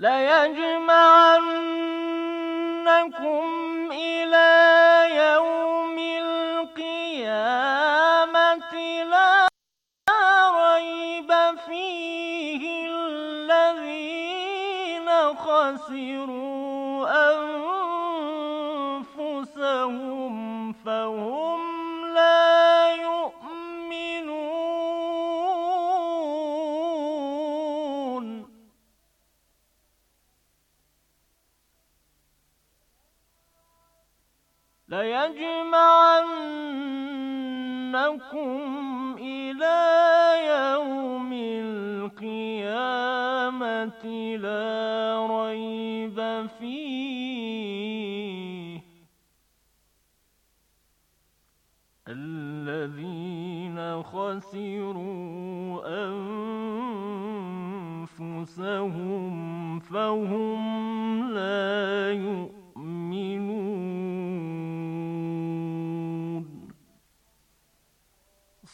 ليجمعنكم إلى ربكم إلى يوم القيامة لا ريب فيه الذين خسروا أنفسهم فهم لا يؤمنون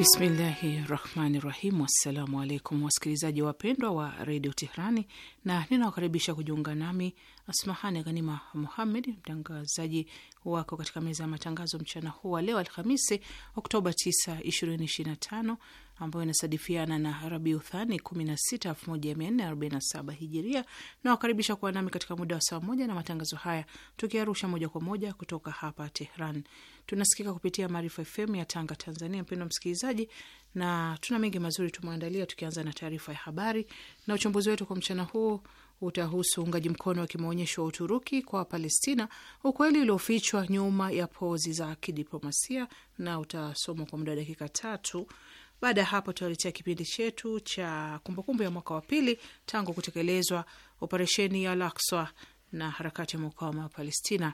Bismillahi rahmani rahim. Assalamu alaikum wasikilizaji wapendwa wa, wa redio Tehrani, na ninawakaribisha kujiunga nami Asmahani Ghanima Muhammed, mtangazaji wako katika meza ya matangazo mchana huu wa leo Alhamisi Oktoba 9, 2025 ambayo inasadifiana na Rabi Rabiuthani 16 1447 hijiria, na wakaribisha kuwa nami katika muda wa saa moja na matangazo haya tukiarusha moja kwa moja kutoka hapa Tehran. Tunasikika kupitia Maarifa FM ya Tanga, Tanzania. Mpendwa msikilizaji, na tuna mengi mazuri tumeandalia, tukianza na taarifa ya habari na uchambuzi wetu kwa mchana huu utahusu uungaji mkono wa kimaonyesho wa Uturuki kwa Wapalestina, ukweli uliofichwa nyuma ya pozi za kidiplomasia, na utasomwa kwa muda wa dakika tatu baada ya hapo, tutaletea kipindi chetu cha kumbukumbu ya mwaka wa pili tangu kutekelezwa operesheni ya Al-Aqsa na harakati ya mukawama wa Palestina,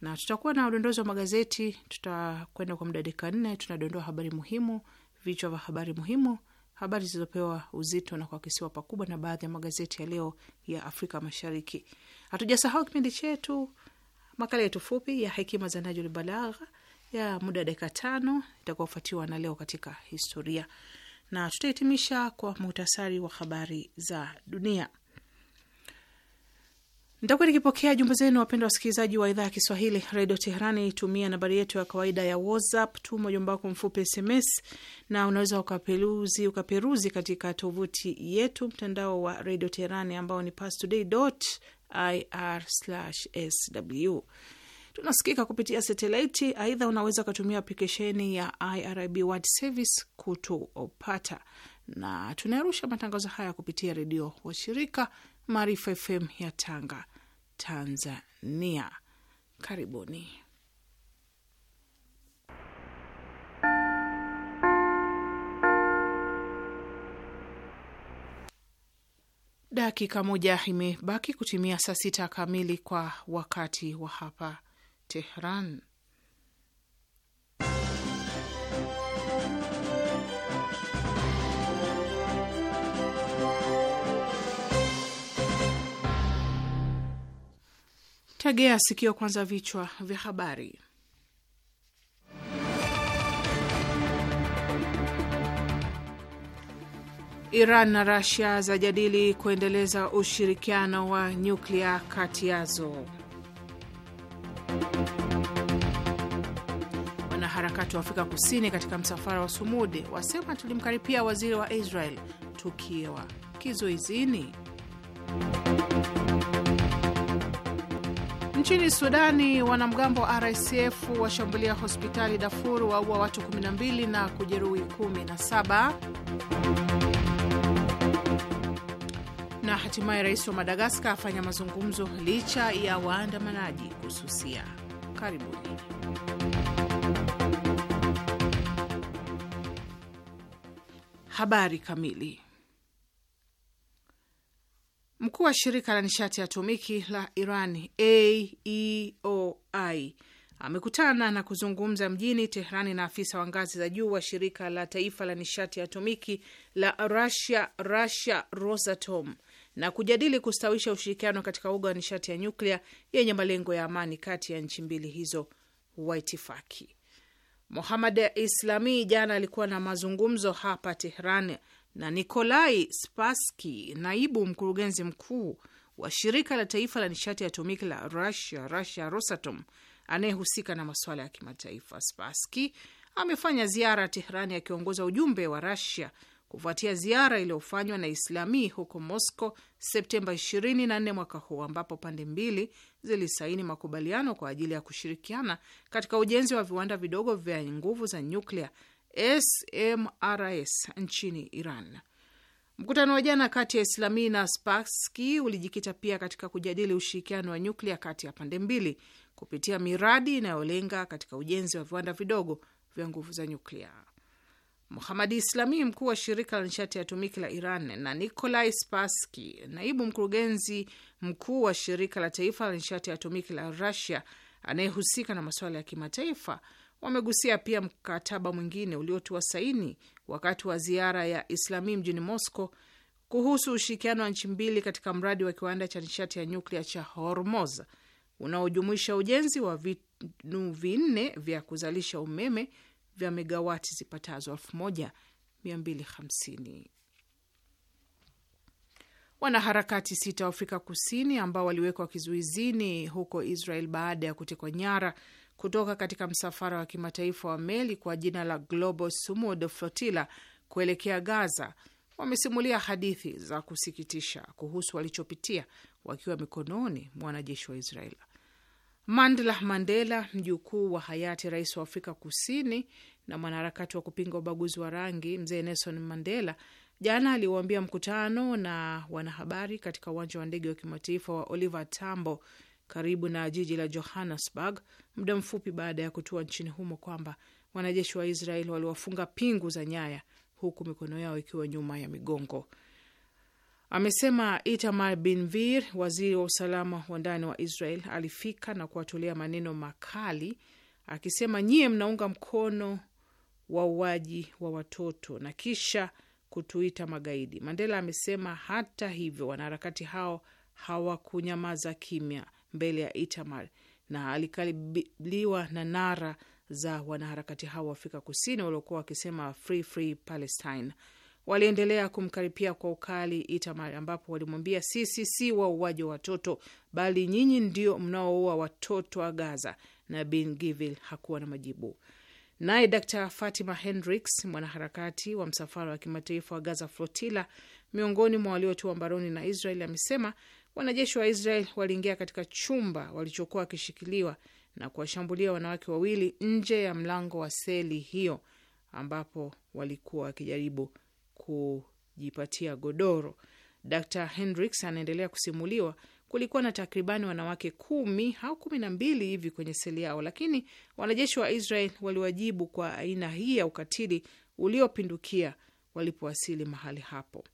na tutakuwa na udondozi wa magazeti. Tutakwenda kwa muda dakika nne, tunadondoa habari muhimu, vichwa vya habari muhimu, habari zilizopewa uzito na kuakisiwa pakubwa na baadhi ya magazeti ya leo ya Afrika Mashariki. Hatujasahau kipindi chetu makala yetu fupi ya hekima za Najul Balagha ya muda dakika tano itakuwa na leo katika historia, na tutahitimisha kwa muhtasari wa habari za dunia. Nitakuwa nikipokea jumbe zenu, wapendwa wasikilizaji wa idhaa ya Kiswahili redio Teherani. Tumia nambari yetu ya kawaida ya WhatsApp, tuma ujumbe wako mfupi SMS, na unaweza ukaperuzi ukaperuzi katika tovuti yetu mtandao wa redio Teherani ambao ni pastoday.ir/sw. Tunasikika kupitia satelaiti. Aidha, unaweza ukatumia aplikesheni ya IRIB World Service kutupata, na tunayarusha matangazo haya kupitia redio washirika Maarifa FM ya Tanga, Tanzania. Karibuni. Dakika moja imebaki kutimia saa sita kamili kwa wakati wa hapa Tehran. Tegea sikio kwanza, vichwa vya habari. Iran na Rasia zajadili kuendeleza ushirikiano wa nyuklia kati yazo. wanaharakati wa Afrika Kusini katika msafara wa Sumude wasema tulimkaripia waziri wa Israel tukiwa kizuizini. Nchini Sudani, wanamgambo wa RSF washambulia hospitali dafur waua watu 12 na kujeruhi 17. Na hatimaye rais wa Madagaskar afanya mazungumzo licha ya waandamanaji kususia. Karibuni. Habari kamili. Mkuu wa shirika la nishati ya atomiki la Iran AEOI amekutana na kuzungumza mjini Teherani na afisa wa ngazi za juu wa shirika la taifa la nishati ya atomiki la Russia, Russia Rosatom, na kujadili kustawisha ushirikiano katika uga wa nishati ya nyuklia yenye malengo ya amani kati ya nchi mbili hizo waitifaki. Mohamad Islami jana alikuwa na mazungumzo hapa Tehran na Nikolai Spassky, naibu mkurugenzi mkuu wa shirika la taifa la nishati ya atomiki la Russia, Russia Rosatom, anayehusika na masuala ya kimataifa. Spassky amefanya ziara ya Teherani akiongoza ujumbe wa Russia kufuatia ziara iliyofanywa na Islami huko Moscow Septemba 24 mwaka huu, ambapo pande mbili zilisaini makubaliano kwa ajili ya kushirikiana katika ujenzi wa viwanda vidogo vya nguvu za nyuklia SMRS nchini Iran. Mkutano wa jana kati ya Islami na spaski ulijikita pia katika kujadili ushirikiano wa nyuklia kati ya pande mbili kupitia miradi inayolenga katika ujenzi wa viwanda vidogo vya nguvu za nyuklia. Muhamadi Islami, mkuu wa shirika la nishati ya atomiki la Iran, na Nikolai Spassky, naibu mkurugenzi mkuu wa shirika la taifa la nishati ya atomiki la rusia anayehusika na masuala ya kimataifa, wamegusia pia mkataba mwingine uliotiwa saini wakati wa ziara ya Islami mjini Moscow kuhusu ushirikiano wa nchi mbili katika mradi wa kiwanda cha nishati ya nyuklia cha Hormoz unaojumuisha ujenzi wa vinu vinne vya kuzalisha umeme vya megawati zipatazo 1250. Wanaharakati sita wa Afrika Kusini ambao waliwekwa kizuizini huko Israel baada ya kutekwa nyara kutoka katika msafara wa kimataifa wa meli kwa jina la Global Sumud Flotilla kuelekea Gaza wamesimulia hadithi za kusikitisha kuhusu walichopitia wakiwa mikononi mwa wanajeshi wa Israel. Mandla Mandela, mjukuu wa hayati rais wa Afrika Kusini na mwanaharakati wa kupinga ubaguzi wa rangi mzee Nelson Mandela, jana aliwaambia mkutano na wanahabari katika uwanja wa ndege wa kimataifa wa Oliver Tambo karibu na jiji la Johannesburg muda mfupi baada ya kutua nchini humo kwamba wanajeshi wa israel waliwafunga pingu za nyaya huku mikono yao ikiwa nyuma ya migongo. Amesema Itamar Binvir, waziri wa usalama wa ndani wa Israel, alifika na kuwatolea maneno makali akisema, nyie mnaunga mkono wauaji wa watoto na kisha kutuita magaidi. Mandela amesema hata hivyo, wanaharakati hao hawakunyamaza kimya mbele ya Itamar na alikabiliwa na nara za wanaharakati hao wa Afrika Kusini waliokuwa wakisema free free Palestine waliendelea kumkaripia kwa ukali Itamar, ambapo walimwambia sisi si wauaji wa watoto, bali nyinyi ndio mnaoua watoto wa Gaza, na bin givil hakuwa na majibu. Naye Dr Fatima Hendricks, mwanaharakati wa msafara wa kimataifa wa Gaza flotila miongoni mwa waliotiwa mbaroni na Israel, amesema wanajeshi wa Israel waliingia katika chumba walichokuwa wakishikiliwa na kuwashambulia wanawake wawili nje ya mlango wa seli hiyo ambapo walikuwa wakijaribu kujipatia godoro. Dr Hendricks anaendelea kusimuliwa kulikuwa na takribani wanawake kumi au kumi na mbili hivi kwenye seli yao, lakini wanajeshi wa Israel waliwajibu kwa aina hii ya ukatili uliopindukia walipowasili mahali hapo.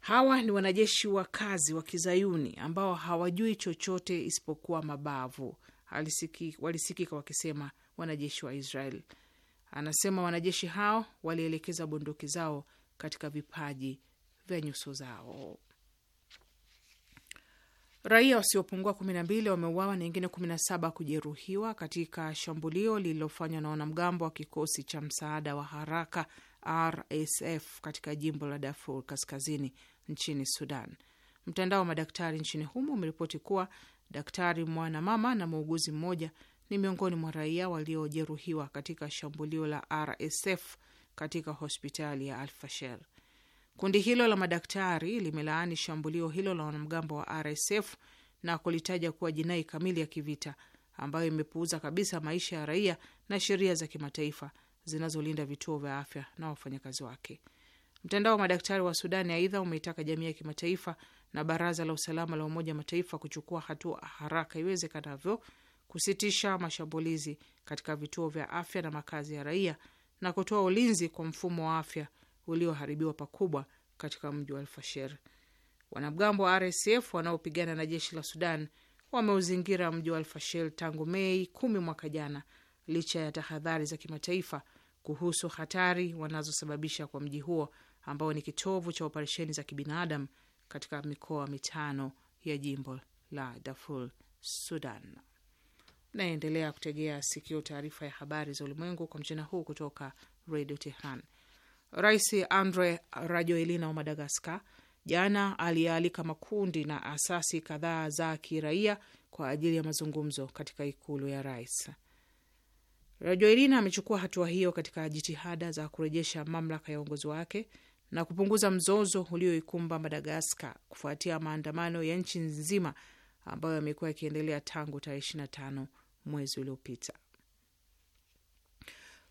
Hawa ni wanajeshi wa kazi wa kizayuni ambao hawajui chochote isipokuwa mabavu, walisikika wakisema wanajeshi wa Israel. Anasema wanajeshi hao walielekeza bunduki zao katika vipaji vya nyuso zao. Raia wasiopungua 12 wameuawa na wengine 17 kujeruhiwa katika shambulio lililofanywa na wanamgambo wa kikosi cha msaada wa haraka RSF katika jimbo la Darfur kaskazini nchini Sudan. Mtandao wa madaktari nchini humo umeripoti kuwa daktari mwana mama na muuguzi mmoja ni miongoni mwa raia waliojeruhiwa katika shambulio la RSF katika hospitali ya Alfasher. Kundi hilo la madaktari limelaani shambulio hilo la wanamgambo wa RSF na kulitaja kuwa jinai kamili ya kivita ambayo imepuuza kabisa maisha ya raia na sheria za kimataifa zinazolinda vituo vya afya na wafanyakazi wake. Mtandao wa madaktari wa Sudani aidha umeitaka jamii ya kimataifa na baraza la usalama la Umoja Mataifa kuchukua hatua haraka iwezekanavyo kusitisha mashambulizi katika vituo vya afya na makazi ya raia na kutoa ulinzi kwa mfumo wa afya ulioharibiwa pakubwa katika mji wa alfasher Wanamgambo wa RSF wanaopigana na jeshi la Sudan wameuzingira mji wa alfasher tangu Mei kumi mwaka jana, licha ya tahadhari za kimataifa kuhusu hatari wanazosababisha kwa mji huo ambao ni kitovu cha operesheni za kibinadamu katika mikoa mitano ya jimbo la Darfur, Sudan naendelea kutegea sikio taarifa ya habari za ulimwengu kwa mchana huu kutoka redio Tehran. Rais Andre Rajoelina wa Madagaskar jana aliyealika makundi na asasi kadhaa za kiraia kwa ajili ya mazungumzo katika ikulu ya rais. Rajoelina amechukua hatua hiyo katika jitihada za kurejesha mamlaka ya uongozi wake na kupunguza mzozo ulioikumba Madagaskar kufuatia maandamano ya nchi nzima ambayo yamekuwa yakiendelea tangu tarehe mwezi uliopita.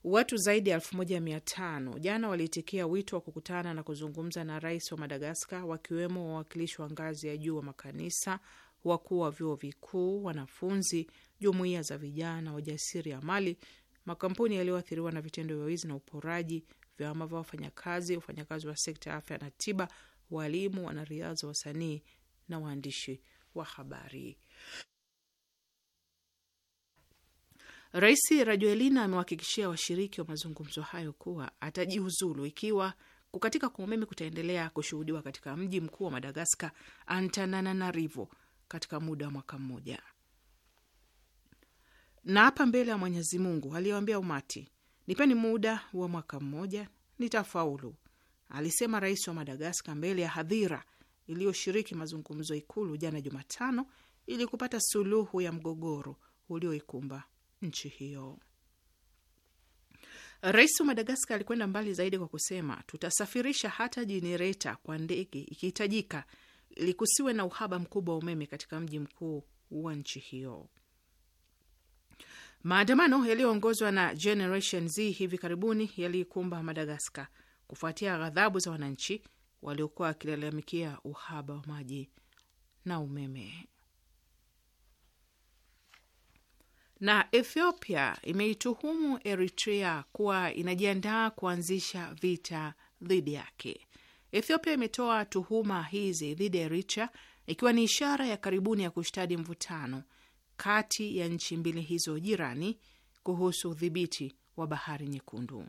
Watu zaidi ya elfu moja mia tano jana waliitikia wito wa kukutana na kuzungumza na rais wa Madagaskar, wakiwemo wawakilishi wa ngazi ya juu wa makanisa, wakuu wa vyuo vikuu, wanafunzi, jumuiya za vijana, wajasiri ya mali makampuni yaliyoathiriwa na vitendo vya wizi na uporaji, vyama vya wafanyakazi, wafanyakazi wa sekta ya afya na tiba, walimu, wanariadha, wasanii na waandishi wa habari. Rais Rajoelina amewahakikishia washiriki wa mazungumzo hayo kuwa atajiuzulu ikiwa kukatika kwa umeme kutaendelea kushuhudiwa katika mji mkuu wa Madagaskar, Antananarivo, katika muda wa mwaka mmoja. Na hapa mbele ya Mwenyezi Mungu umati, nipeni muda wa mwaka mmoja nitafaulu, alisema rais wa Madagaskar mbele ya hadhira iliyoshiriki mazungumzo Ikulu jana Jumatano ili kupata suluhu ya mgogoro ulioikumba nchi hiyo. Rais wa Madagaskar alikwenda mbali zaidi kwa kusema, tutasafirisha hata jenereta kwa ndege ikihitajika, ili kusiwe na uhaba mkubwa wa umeme katika mji mkuu wa nchi hiyo. Maandamano yaliyoongozwa na Generation Z hivi karibuni yaliikumba Madagaskar kufuatia ghadhabu za wananchi waliokuwa wakilalamikia uhaba wa maji na umeme. na Ethiopia imeituhumu Eritrea kuwa inajiandaa kuanzisha vita dhidi yake. Ethiopia imetoa tuhuma hizi dhidi ya Eritrea ikiwa ni ishara ya karibuni ya kushtadi mvutano kati ya nchi mbili hizo jirani kuhusu udhibiti wa bahari nyekundu.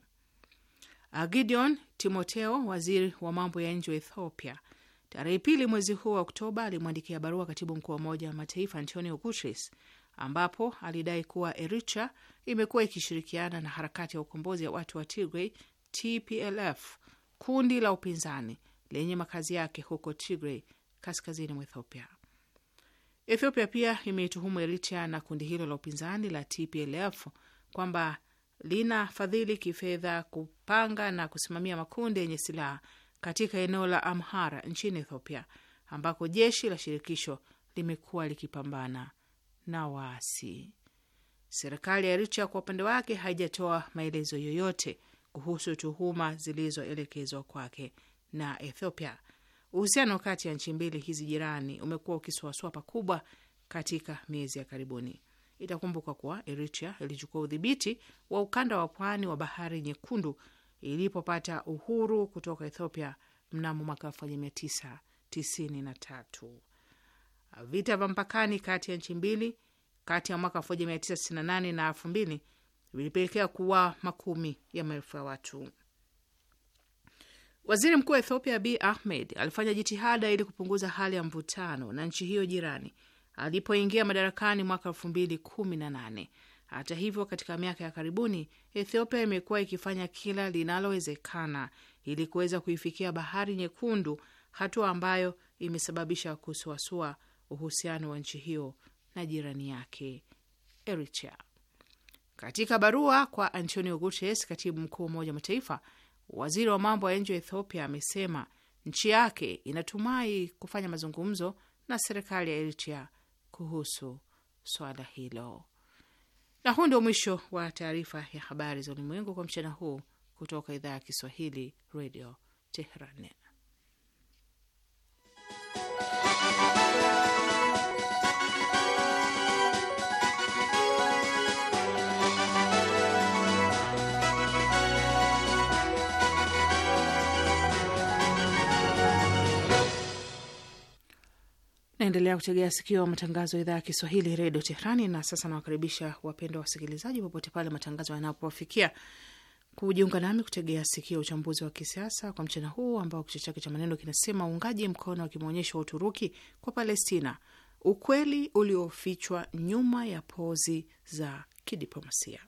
Ah, Gideon Timoteo, waziri wa mambo ya nje wa Ethiopia, tarehe pili mwezi huu wa Oktoba alimwandikia barua katibu mkuu wa Umoja wa Mataifa Antonio Guterres ambapo alidai kuwa Eritrea imekuwa ikishirikiana na harakati ya ukombozi ya watu wa Tigray TPLF, kundi la upinzani lenye makazi yake huko Tigray kaskazini mwa Ethiopia. Ethiopia pia imeituhumu Eritrea na kundi hilo la upinzani la TPLF kwamba linafadhili kifedha kupanga na kusimamia makundi yenye silaha katika eneo la Amhara nchini Ethiopia ambako jeshi la shirikisho limekuwa likipambana na waasi. Serikali ya Richa kwa upande wake haijatoa maelezo yoyote kuhusu tuhuma zilizoelekezwa kwake na Ethiopia. Uhusiano kati ya nchi mbili hizi jirani umekuwa ukisuasua pakubwa katika miezi ya karibuni. Itakumbuka kuwa Eritrea ilichukua udhibiti wa ukanda wa pwani wa bahari Nyekundu ilipopata uhuru kutoka Ethiopia mnamo mwaka 1993. Vita vya mpakani kati ya nchi mbili kati ya mwaka 1998 na 2000 vilipelekea kuwa makumi ya maelfu ya watu. Waziri mkuu wa Ethiopia Abiy Ahmed alifanya jitihada ili kupunguza hali ya mvutano na nchi hiyo jirani alipoingia madarakani mwaka 2018. Hata hivyo, katika miaka ya karibuni Ethiopia imekuwa ikifanya kila linalowezekana ili kuweza kuifikia Bahari Nyekundu, hatua ambayo imesababisha kusuasua uhusiano wa nchi hiyo na jirani yake Eritrea. Katika barua kwa Antonio Guterres, katibu mkuu wa Umoja wa Mataifa, waziri wa mambo ya nje wa Ethiopia amesema nchi yake inatumai kufanya mazungumzo na serikali ya Eritrea kuhusu swala hilo. Na huu ndio mwisho wa taarifa ya habari za ulimwengu kwa mchana huu kutoka idhaa ya Kiswahili, Radio Tehran. Naendelea kutegea sikio matangazo ya idhaa ya Kiswahili redio Tehrani. Na sasa nawakaribisha wapendwa wasikilizaji, popote pale matangazo yanapowafikia, kujiunga nami kutegea sikio uchambuzi wa kisiasa kwa mchana huu ambao kichwa chake cha maneno kinasema uungaji mkono wa kimwonyesho wa Uturuki kwa Palestina, ukweli uliofichwa nyuma ya pozi za kidiplomasia.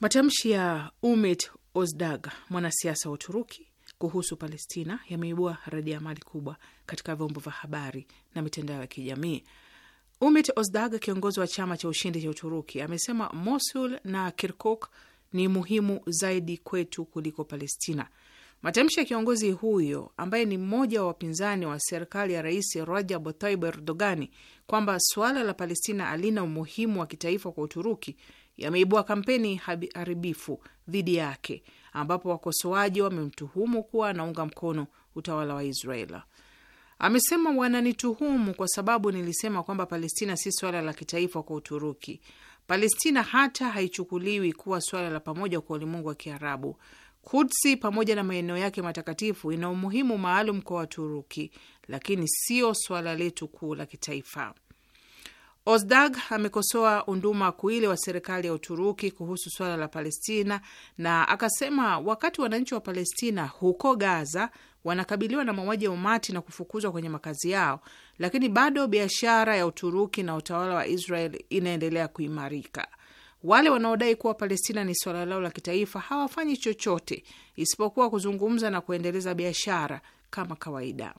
Matamshi ya Umit Ozdag, mwanasiasa wa Uturuki, kuhusu Palestina yameibua radiamali kubwa katika vyombo vya habari na mitandao ya kijamii. Umit Ozdag, kiongozi wa chama cha ushindi cha Uturuki, amesema Mosul na Kirkuk ni muhimu zaidi kwetu kuliko Palestina. Matamshi ya kiongozi huyo ambaye ni mmoja wa wapinzani wa serikali ya Rais Rajab Tayyip Erdogani kwamba suala la Palestina halina umuhimu wa kitaifa kwa Uturuki yameibua kampeni haribifu dhidi yake ambapo wakosoaji wamemtuhumu kuwa anaunga mkono utawala wa Israel. Amesema wananituhumu kwa sababu nilisema kwamba Palestina si swala la kitaifa kwa Uturuki. Palestina hata haichukuliwi kuwa swala la pamoja kwa ulimwengu wa Kiarabu. Kudsi pamoja na maeneo yake matakatifu ina umuhimu maalum kwa Waturuki, lakini sio swala letu kuu la kitaifa. Ozdag amekosoa unduma kuili wa serikali ya Uturuki kuhusu swala la Palestina na akasema wakati wananchi wa Palestina huko Gaza wanakabiliwa na mauaji ya umati na kufukuzwa kwenye makazi yao, lakini bado biashara ya Uturuki na utawala wa Israel inaendelea kuimarika. Wale wanaodai kuwa Palestina ni swala lao la kitaifa hawafanyi chochote isipokuwa kuzungumza na kuendeleza biashara kama kawaida.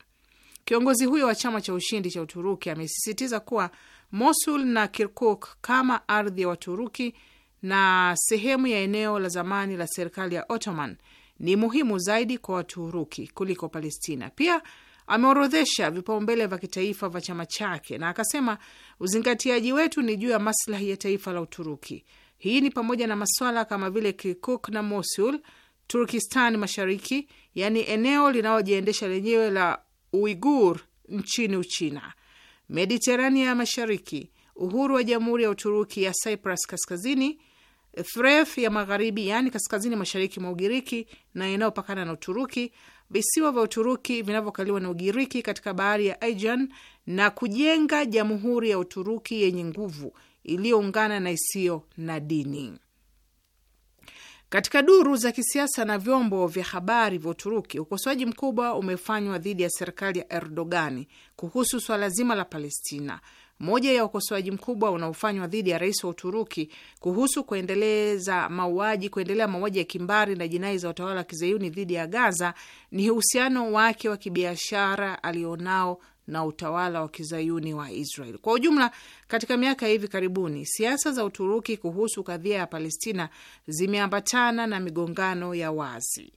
Kiongozi huyo wa chama cha ushindi cha Uturuki amesisitiza kuwa Mosul na Kirkuk kama ardhi ya Waturuki na sehemu ya eneo la zamani la serikali ya Ottoman ni muhimu zaidi kwa Waturuki kuliko Palestina. Pia ameorodhesha vipaumbele vya kitaifa vya chama chake na akasema uzingatiaji wetu ni juu ya maslahi ya taifa la Uturuki. Hii ni pamoja na maswala kama vile Kirkuk na Mosul, Turkistan Mashariki, yaani eneo linalojiendesha lenyewe la Uigur nchini Uchina, Mediterania ya Mashariki, uhuru wa Jamhuri ya Uturuki ya Cyprus kaskazini, Thref ya magharibi, yaani kaskazini mashariki mwa Ugiriki na inayopakana na Uturuki, visiwa vya Uturuki vinavyokaliwa na Ugiriki katika bahari ya Aegean na kujenga Jamhuri ya Uturuki yenye nguvu iliyoungana na isiyo na dini. Katika duru za kisiasa na vyombo vya habari vya Uturuki, ukosoaji mkubwa umefanywa dhidi ya serikali ya Erdogani kuhusu swala zima la Palestina. Moja ya ukosoaji mkubwa unaofanywa dhidi ya rais wa Uturuki kuhusu kuendeleza mauaji, kuendelea mauaji ya kimbari na jinai za utawala wa kizayuni dhidi ya Gaza ni uhusiano wake wa kibiashara alionao na utawala wa kizayuni wa Israel. Kwa ujumla, katika miaka ya hivi karibuni, siasa za Uturuki kuhusu kadhia ya Palestina zimeambatana na migongano ya wazi.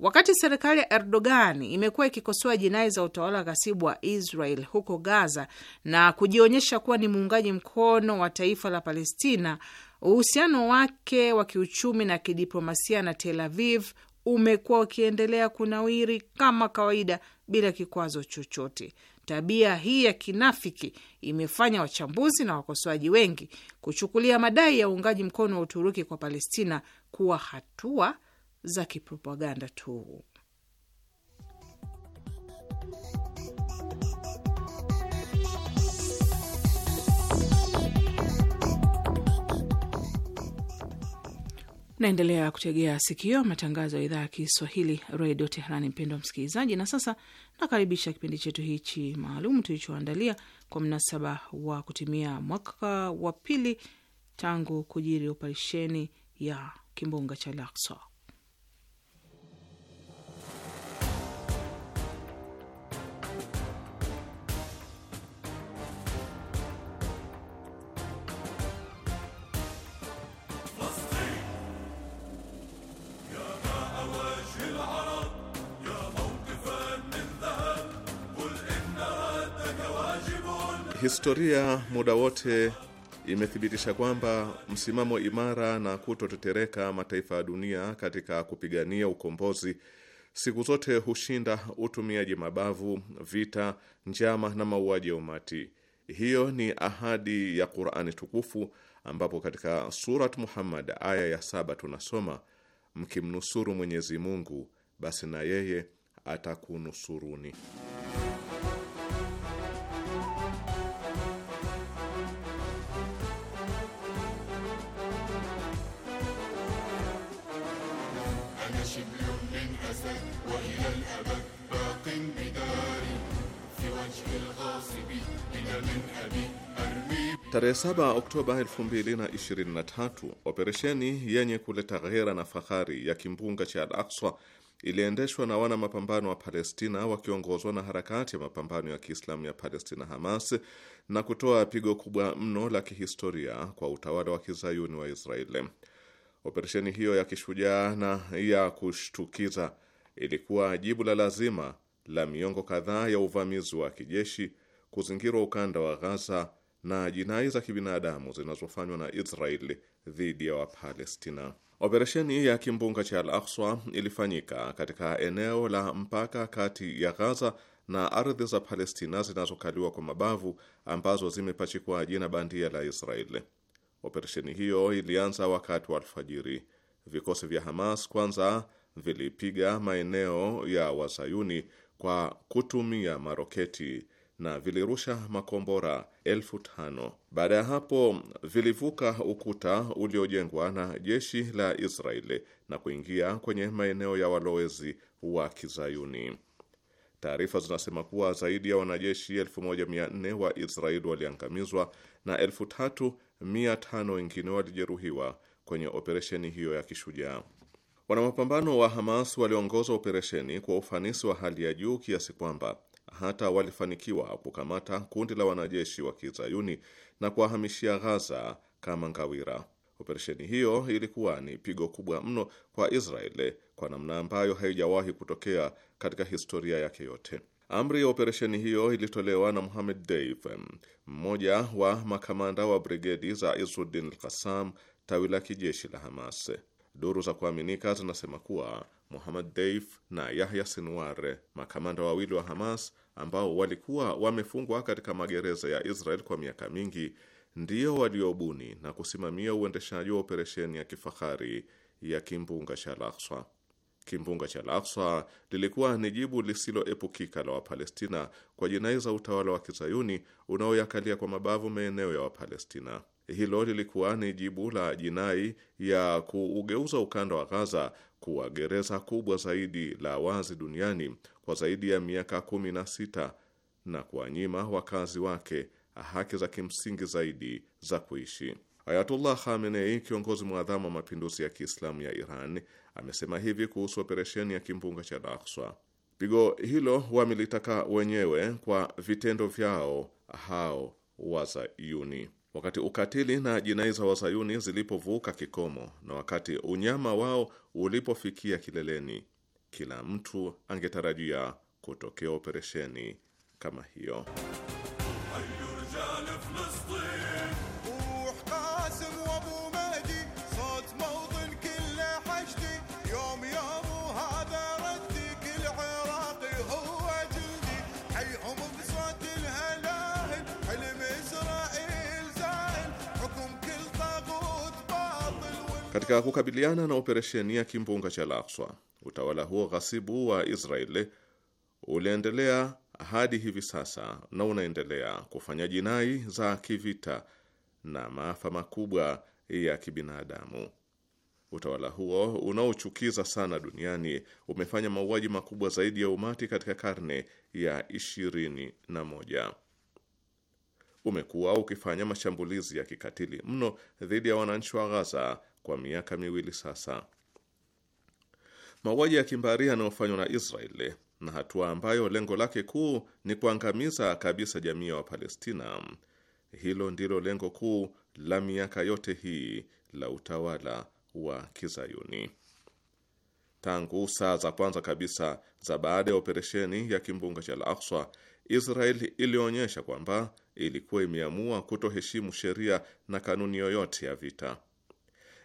Wakati serikali ya Erdogan imekuwa ikikosoa jinai za utawala wa ghasibu wa Israel huko Gaza na kujionyesha kuwa ni muungaji mkono wa taifa la Palestina, uhusiano wake wa kiuchumi na kidiplomasia na Tel Aviv umekuwa ukiendelea kunawiri kama kawaida bila kikwazo chochote. Tabia hii ya kinafiki imefanya wachambuzi na wakosoaji wengi kuchukulia madai ya uungaji mkono wa Uturuki kwa Palestina kuwa hatua za kipropaganda tu. Naendelea kutegea sikio matangazo ya idhaa ya Kiswahili redio Teherani, mpendo wa msikilizaji. Na sasa nakaribisha kipindi chetu hichi maalum tulichoandalia kwa mnasaba wa kutimia mwaka wa pili tangu kujiri operesheni ya kimbunga cha Laksa. Historia muda wote imethibitisha kwamba msimamo imara na kutotetereka mataifa ya dunia katika kupigania ukombozi siku zote hushinda utumiaji mabavu, vita, njama na mauaji ya umati. Hiyo ni ahadi ya Qur'ani tukufu, ambapo katika Surat Muhammad aya ya saba tunasoma mkimnusuru Mwenyezi Mungu, basi na yeye atakunusuruni. Tarehe 7 Oktoba 2023 operesheni yenye kuleta ghera na fahari ya kimbunga cha Al Aqsa iliendeshwa na wana mapambano wa Palestina wakiongozwa na harakati ya mapambano ya Kiislamu ya Palestina Hamas na kutoa pigo kubwa mno la kihistoria kwa utawala wa kizayuni wa Israeli. Operesheni hiyo ya kishujaa na ya kushtukiza ilikuwa jibu la lazima la miongo kadhaa ya uvamizi wa kijeshi kuzingirwa ukanda wa Ghaza na jinai za kibinadamu zinazofanywa na Israeli dhidi ya Wapalestina. Operesheni ya kimbunga cha Al Akswa ilifanyika katika eneo la mpaka kati ya Ghaza na ardhi za Palestina zinazokaliwa kwa mabavu ambazo zimepachikwa jina bandia la Israeli. Operesheni hiyo ilianza wakati wa alfajiri. Vikosi vya Hamas kwanza vilipiga maeneo ya Wazayuni kwa kutumia maroketi na vilirusha makombora elfu tano. Baada ya hapo vilivuka ukuta uliojengwa na jeshi la Israeli na kuingia kwenye maeneo ya walowezi wa Kizayuni. Taarifa zinasema kuwa zaidi ya wanajeshi 1400 wa Israeli waliangamizwa na 3500 wengine walijeruhiwa kwenye operesheni hiyo ya kishujaa. Wanamapambano wa Hamas waliongoza operesheni kwa ufanisi wa hali ya juu kiasi kwamba hata walifanikiwa kukamata kundi la wanajeshi wa kizayuni na kuwahamishia Ghaza kama ngawira. Operesheni hiyo ilikuwa ni pigo kubwa mno kwa Israeli kwa namna ambayo haijawahi kutokea katika historia yake yote. Amri ya operesheni hiyo ilitolewa na muhamed Deif, mmoja wa makamanda wa brigedi za Izzuddin al-Qassam, tawi la kijeshi la Hamas. Duru za kuaminika zinasema kuwa Muhamad Deif na Yahya Sinwar, makamanda wawili wa Hamas, ambao walikuwa wamefungwa katika magereza ya Israel kwa miaka mingi ndio waliobuni na kusimamia uendeshaji wa operesheni ya kifahari ya kimbunga cha Al-Aqsa. Kimbunga cha Al-Aqsa lilikuwa ni jibu lisiloepukika la Wapalestina kwa jinai za utawala wa kizayuni unaoyakalia kwa mabavu maeneo ya Wapalestina. Hilo lilikuwa ni jibu la jinai ya kuugeuza ukanda wa Gaza kuwa gereza kubwa zaidi la wazi duniani kwa zaidi ya miaka kumi na sita na kuwanyima wakazi wake haki za kimsingi zaidi za kuishi. Ayatullah Khamenei, kiongozi mwadhamu wa mapinduzi ya Kiislamu ya Iran, amesema hivi kuhusu operesheni ya kimbunga cha Al-Aqsa: pigo hilo wamelitaka wenyewe kwa vitendo vyao hao Wazayuni, wakati ukatili na jinai za Wazayuni zilipovuka kikomo na wakati unyama wao ulipofikia kileleni kila mtu angetarajia kutokea operesheni kama hiyo. Katika kukabiliana na operesheni ya kimbunga cha Al-Aqsa Utawala huo ghasibu wa Israeli uliendelea hadi hivi sasa na unaendelea kufanya jinai za kivita na maafa makubwa ya kibinadamu. Utawala huo unaochukiza sana duniani umefanya mauaji makubwa zaidi ya umati katika karne ya ishirini na moja. Umekuwa ukifanya mashambulizi ya kikatili mno dhidi ya wananchi wa Ghaza kwa miaka miwili sasa. Mauaji ya kimbari yanayofanywa na Israeli na hatua ambayo lengo lake kuu ni kuangamiza kabisa jamii ya Wapalestina. Hilo ndilo lengo kuu la miaka yote hii la utawala wa Kizayuni. Tangu saa za kwanza kabisa za baada ya operesheni ya kimbunga cha Al-Aqsa, Israel ilionyesha kwamba ilikuwa imeamua kutoheshimu sheria na kanuni yoyote ya vita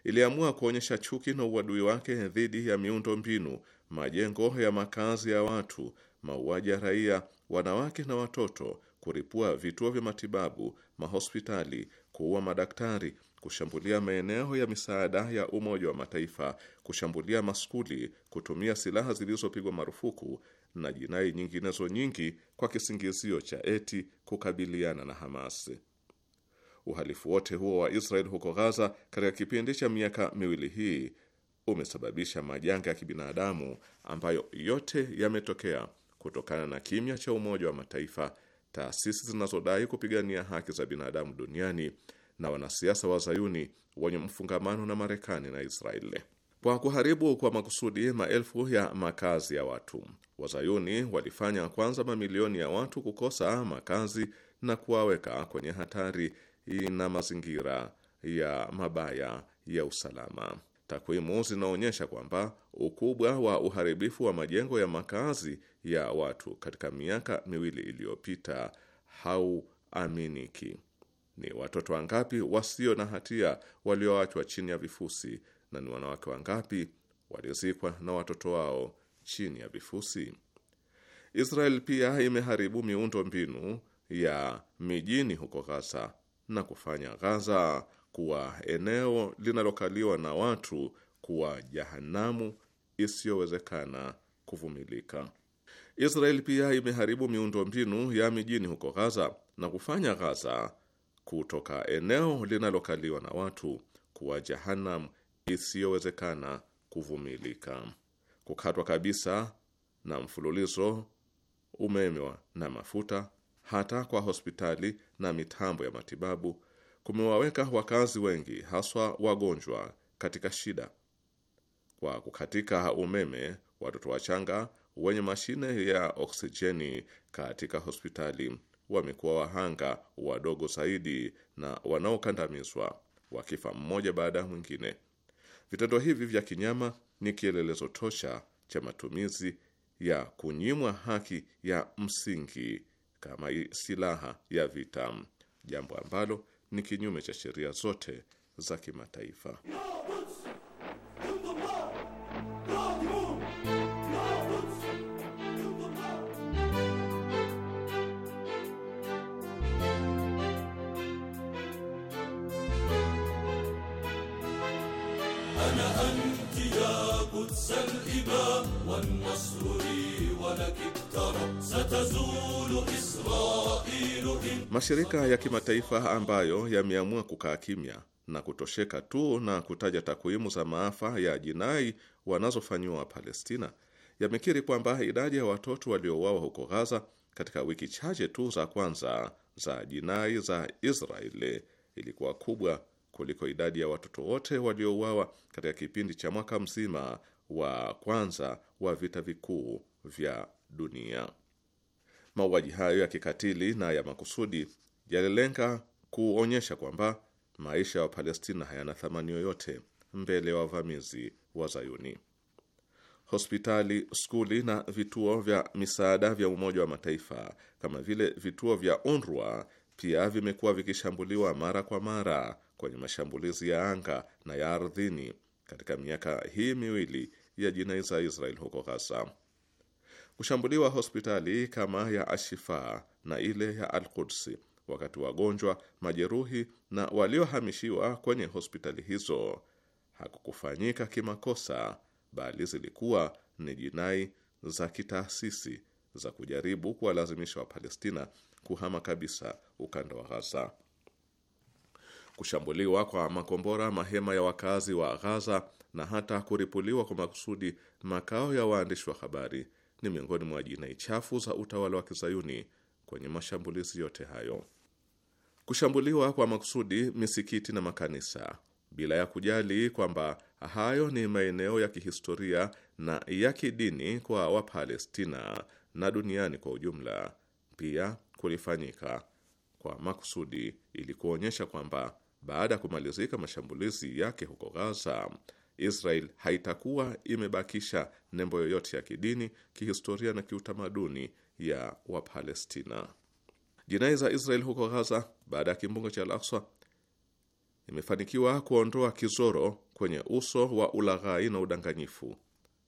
iliamua kuonyesha chuki na uadui wake dhidi ya miundo mbinu, majengo ya makazi ya watu, mauaji ya raia, wanawake na watoto, kuripua vituo vya matibabu, mahospitali, kuua madaktari, kushambulia maeneo ya misaada ya Umoja wa Mataifa, kushambulia maskuli, kutumia silaha zilizopigwa marufuku na jinai nyinginezo nyingi kwa kisingizio cha eti kukabiliana na Hamas. Uhalifu wote huo wa Israel huko Gaza katika kipindi cha miaka miwili hii umesababisha majanga ya kibinadamu ambayo yote yametokea kutokana na kimya cha Umoja wa Mataifa, taasisi zinazodai kupigania haki za binadamu duniani na wanasiasa wazayuni wenye mfungamano na Marekani na Israeli. Kwa kuharibu kwa makusudi maelfu ya makazi ya watu, wazayuni walifanya kwanza mamilioni ya watu kukosa makazi na kuwaweka kwenye hatari ina mazingira ya mabaya ya usalama. Takwimu zinaonyesha kwamba ukubwa wa uharibifu wa majengo ya makazi ya watu katika miaka miwili iliyopita hauaminiki. Ni watoto wangapi wasio na hatia walioachwa chini ya vifusi, na ni wanawake wangapi walizikwa na watoto wao chini ya vifusi? Israel pia imeharibu miundo mbinu ya mijini huko Gaza na kufanya Ghaza kuwa eneo linalokaliwa na watu kuwa jahanamu isiyowezekana kuvumilika. Israel pia imeharibu miundombinu ya mijini huko Ghaza na kufanya Ghaza kutoka eneo linalokaliwa na watu kuwa jahanamu isiyowezekana kuvumilika. Kukatwa kabisa na mfululizo umeme na mafuta hata kwa hospitali na mitambo ya matibabu kumewaweka wakazi wengi haswa wagonjwa katika shida. Kwa kukatika umeme, watoto wachanga wenye mashine ya oksijeni katika hospitali wamekuwa wahanga wadogo zaidi na wanaokandamizwa, wakifa mmoja baada ya mwingine. Vitendo hivi vya kinyama ni kielelezo tosha cha matumizi ya kunyimwa haki ya msingi kama silaha ya vita, jambo ambalo ni kinyume cha sheria zote za kimataifa no! Mashirika ya kimataifa ambayo yameamua kukaa kimya na kutosheka tu na kutaja takwimu za maafa ya jinai wanazofanyiwa wa Palestina yamekiri kwamba idadi ya watoto waliouawa huko Gaza katika wiki chache tu za kwanza za jinai za Israeli ilikuwa kubwa kuliko idadi ya watoto wote waliouawa katika kipindi cha mwaka mzima wa kwanza wa vita vikuu vya dunia. Mauaji hayo ya kikatili na ya makusudi yalilenga kuonyesha kwamba maisha ya Wapalestina hayana thamani yoyote mbele ya wavamizi wa Zayuni. Hospitali, skuli na vituo vya misaada vya Umoja wa Mataifa kama vile vituo vya UNRWA pia vimekuwa vikishambuliwa mara kwa mara kwenye mashambulizi ya anga na ya ardhini katika miaka hii miwili ya jinai za Israel huko Gaza. Kushambuliwa hospitali kama ya Ashifa na ile ya al kudsi wakati wagonjwa, majeruhi na waliohamishiwa kwenye hospitali hizo hakukufanyika kimakosa, bali zilikuwa ni jinai za kitaasisi za kujaribu kuwalazimisha Wapalestina kuhama kabisa ukanda wa Ghaza. Kushambuliwa kwa makombora mahema ya wakazi wa Ghaza na hata kuripuliwa kwa makusudi makao ya waandishi wa habari ni miongoni mwa jinai chafu za utawala wa kizayuni kwenye mashambulizi yote hayo. Kushambuliwa kwa makusudi misikiti na makanisa bila ya kujali kwamba hayo ni maeneo ya kihistoria na ya kidini kwa Wapalestina na duniani kwa ujumla, pia kulifanyika kwa makusudi ili kuonyesha kwamba baada ya kumalizika mashambulizi yake huko Gaza, Israel haitakuwa imebakisha nembo yoyote ya kidini, kihistoria na kiutamaduni ya Wapalestina. Jinai za Israel huko Gaza baada ya kimbunga cha Al-Aqsa imefanikiwa kuondoa kizoro kwenye uso wa ulaghai na udanganyifu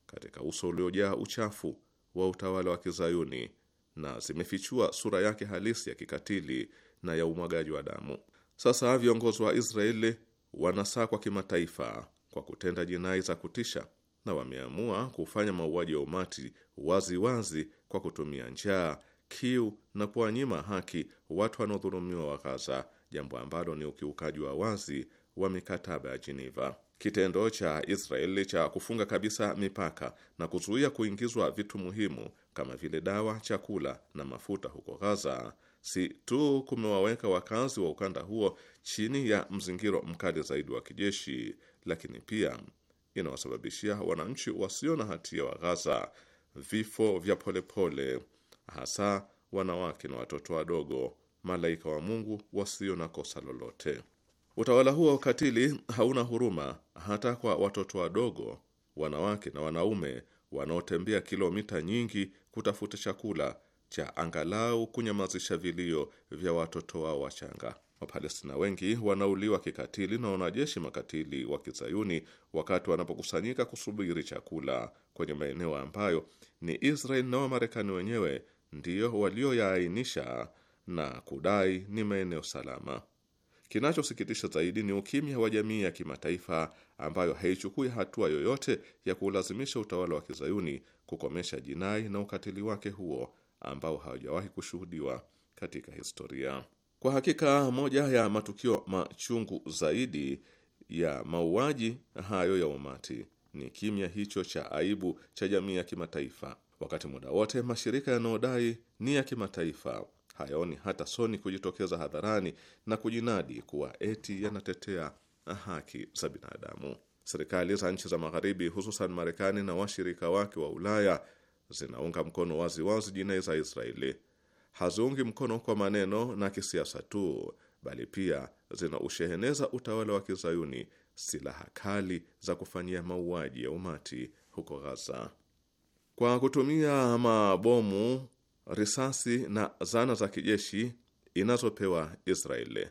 katika uso uliojaa uchafu wa utawala wa kizayuni na zimefichua sura yake halisi ya kikatili na ya umwagaji wa damu. Sasa viongozi wa Israeli wanasakwa kimataifa kwa kutenda jinai za kutisha na wameamua kufanya mauaji ya umati waziwazi wazi kwa kutumia njaa, kiu na kuwanyima haki watu wanaodhulumiwa wa Gaza, jambo ambalo ni ukiukaji wa wazi wa mikataba ya Geneva. Kitendo cha Israeli cha kufunga kabisa mipaka na kuzuia kuingizwa vitu muhimu kama vile dawa, chakula na mafuta huko Gaza si tu kumewaweka wakazi wa ukanda huo chini ya mzingiro mkali zaidi wa kijeshi, lakini pia inawasababishia wananchi wasio na hatia wa Ghaza vifo vya polepole pole, hasa wanawake na watoto wadogo, malaika wa Mungu wasio na kosa lolote. Utawala huo wa ukatili hauna huruma hata kwa watoto wadogo, wanawake na wanaume wanaotembea kilomita nyingi kutafuta chakula cha angalau kunyamazisha vilio vya watoto wao wachanga. Wapalestina wengi wanauliwa kikatili na wanajeshi makatili wa kizayuni wakati wanapokusanyika kusubiri chakula kwenye maeneo ambayo ni Israel na Wamarekani wenyewe ndiyo walioyaainisha na kudai ni maeneo salama. Kinachosikitisha zaidi ni ukimya wa jamii ya kimataifa ambayo haichukui hatua yoyote ya kuulazimisha utawala wa kizayuni kukomesha jinai na ukatili wake huo ambao hawajawahi kushuhudiwa katika historia. Kwa hakika moja ya matukio machungu zaidi ya mauaji hayo ya umati ni kimya hicho cha aibu cha jamii ya kimataifa. Wakati muda wote mashirika yanayodai ni ya kimataifa hayaoni hata soni kujitokeza hadharani na kujinadi kuwa eti yanatetea haki za binadamu. Serikali za nchi za Magharibi, hususan Marekani na washirika wake wa Ulaya, zinaunga mkono waziwazi jinai za Israeli haziungi mkono kwa maneno na kisiasa tu, bali pia zina usheheneza utawala wa kizayuni silaha kali za kufanyia mauaji ya umati huko Gaza kwa kutumia mabomu, risasi na zana za kijeshi inazopewa Israeli.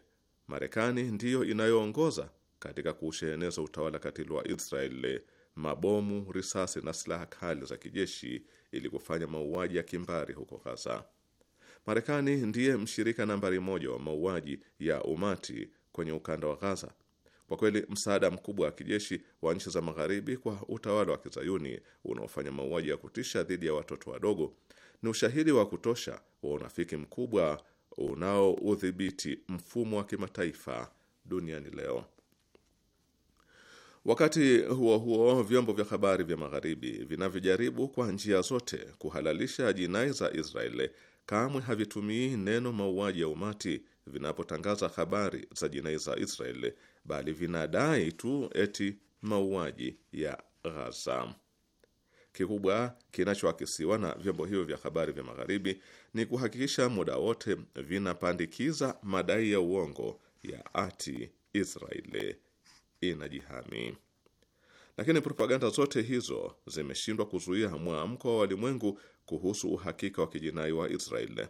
Marekani ndiyo inayoongoza katika kuusheheneza utawala katili wa Israeli mabomu, risasi na silaha kali za kijeshi ili kufanya mauaji ya kimbari huko Gaza. Marekani ndiye mshirika nambari moja wa mauaji ya umati kwenye ukanda wa Gaza. Kwa kweli msaada mkubwa wa kijeshi wa nchi za magharibi kwa utawala wa kizayuni unaofanya mauaji ya kutisha dhidi ya watoto wadogo ni ushahidi wa kutosha wa unafiki mkubwa unaoudhibiti mfumo wa kimataifa duniani leo. Wakati huo huo, vyombo vya habari vya magharibi vinavyojaribu kwa njia zote kuhalalisha jinai za Israeli kamwe havitumii neno mauaji ya umati vinapotangaza habari za jinai za Israel, bali vinadai tu eti mauaji ya Ghaza. Kikubwa kinachoakisiwa na vyombo hivyo vya habari vya Magharibi ni kuhakikisha muda wote vinapandikiza madai ya uongo ya ati Israeli inajihami. Lakini propaganda zote hizo zimeshindwa kuzuia mwamko wa walimwengu kuhusu uhakika wa kijinai wa Israel.